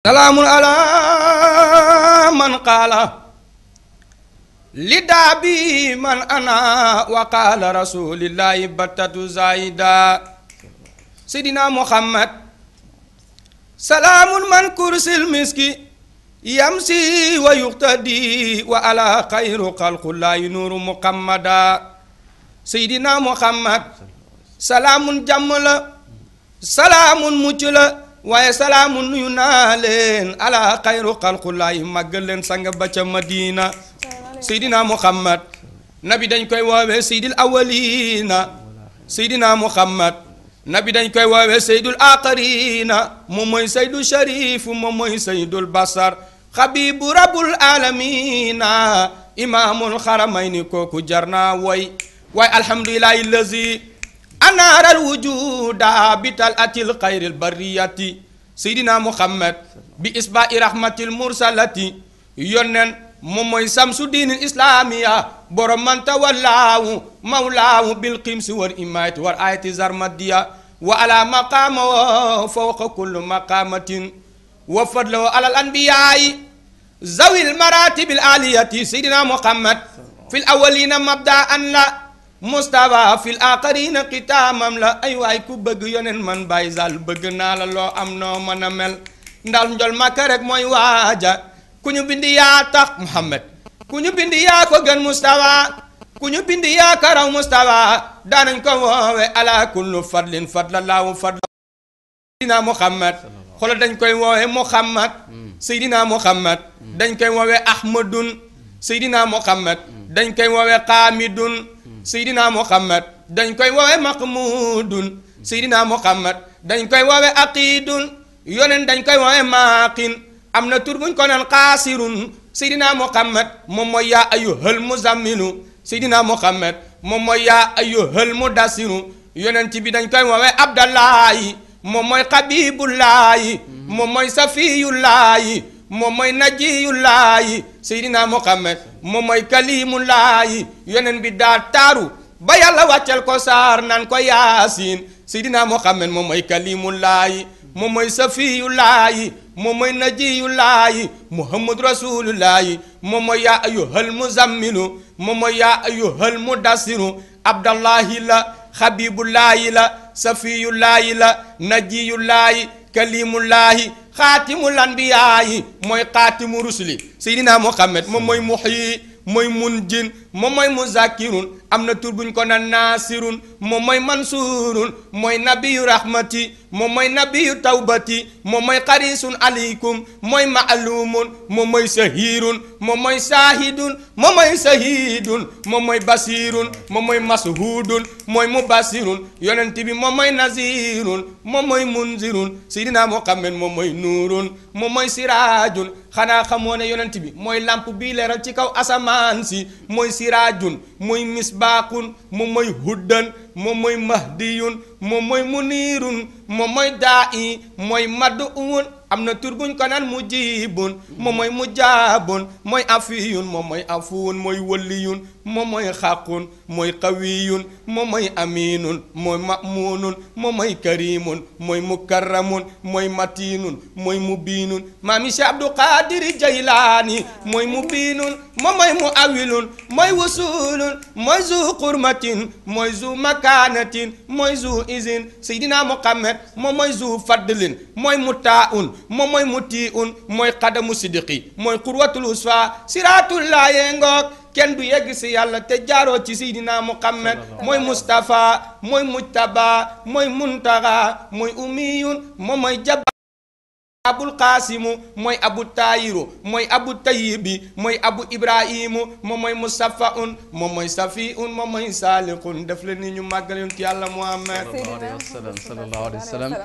salaamun ala man qaala lidaa bi man ana wa qaala rasulillahi battatu zaida sidina muhammad salaamun man kursil miski yamsi wa yuqtadi wa ala xayru xalqullahi nuuru muhammada sidina muhammad salaamun jàmm la salaamun mucc la waaye salaamu yu naa leen ala xayru xalqulaay màggal leen sanga ba ca madina seydina muhammad nabi dañ koy woowee seydil awalina seydina muhammad nabi dañ koy woowee seydul aqarina moom mooy seydu sharifu moom mooy seydul basar xabibu rabul alamina imaamul xaramayni kooku jar naa woy waaye alhamdulilahi lazi anaaral wujuda bital atil xayril bariyati seydina muhammad bi isbaa i rahmatil mursalati yonnen moom mooy samsu diinil islaamiya borom man tawallaawu mawlaawu bil qimsi war imaayati war ayati zarmadiya wa ala maqaama wa fawqa kullu maqaamatin wa fadlawo alal anbiyaayi zawil maratibil aliyati seydina muhammad fil awalina mabdaan la Moustapha fil aqarina xitaamam la ay waay ku bëgg yonen man Baye Sall bëgg naa la loo am noo mën a mel ndal njol makka rek mooy waaja ku ñu bind yaa tax Muhammad ku ñu bind yaa ko gën Moustapha ku ñu bind yaa ko raw daanañ ko woowe ala kullu fadlin fadla laawu fadla Seydina Muhammad xoolal dañ koy woowe Muhammad Seydina Muhammad dañ koy woowe Ahmadun Seydina Muhammad dañ koy woowe Xaamidun seydina muhammad dañ koy woowe maqmudun seydina muhammad dañ koy woowe aqidun yoneen dañ koy woowe maaqin am na tur buñ ko naan xaasirun muhammad moom mooy yaa ayyuhal muzammilu seydina muhammad moom mooy yaa ayyuhal mudassiru yonent bi dañ koy woowe abdallahi moom mooy xabibullahi mm-hmm. safiyullahi moom mooy najiyullaahi seydina muhammad moom mooy kalimullaahi bi daa taaru ba yàlla wàccel ko saar naan ko yaasin seydina muhammad moom mooy kalimullaahi moom mooy safiyullaahi moom mooy najiyullaahi muhammad rasulullaahi moom mooy yaa ayyuhal muzammilu abdallahi la xabibullaahi la safiyullaahi la najiyullaahi kalimullaahi xaatimul anbiyaayi mooy xaatimu rusuli seydina muhammad moom mooy muhyi mooy munjin moom mooy muzakirun am na tur buñ ko naan naasirun moom mooy mansurun mooy nabiyu rahmati moom mooy nabiyu tawbati moom mooy xarisun aleykum mooy maalumun moom mooy sahirun moom mooy saahidun moom mooy sahidun moom mooy basirun moom mooy mashudun mooy mubasirun yonent bi moom mooy nazirun moom mooy munzirun sidina muhammad moom mooy nuurun moom mooy siraajun xanaa xamoo ne yonent bi mooy lamp bii leeral ci kaw asamaan si mooy siraajun mooy misbaakun moom mooy huddan moom mooy mahdiyun moom mooy muniirun moom mooy daa'i mooy maduun am na tur buñ ko naan mujibun moom mooy mujaabun mooy afiyun moom mooy afuun mooy wëlliyun moom mooy xaqun mooy qawiyun moom mooy aminun mooy mamuunun moom mooy karimun mooy mukarramun mooy matinun mooy mubiinun maami si abdou qadiri jaylaani mooy mubiinun moom mooy muawilun mooy wusulun mooy zu qurmatin mooy zu makka makaanatin mooy zu isin seydina muhammad moom mooy zu faddlin mooy mutaaun moom mooy mutiun mooy xadamu siddiqi mooy xurwatul usfa siraatullaaye ngoog kenn yegg si yàlla te jaaroo ci seydina muhammad mooy mustapha mooy mujtaba mooy muntaxa mooy umiyun moom mooy jab abul qaasimu mooy abu taayiru mooy abu tayibi mooy abu ibrahimu moom mooy musafaun moom mooy safiun moom mooy saaliqun def la ni ñu màggal yonent yàlla muhammad sallallahu alayhi wa sallam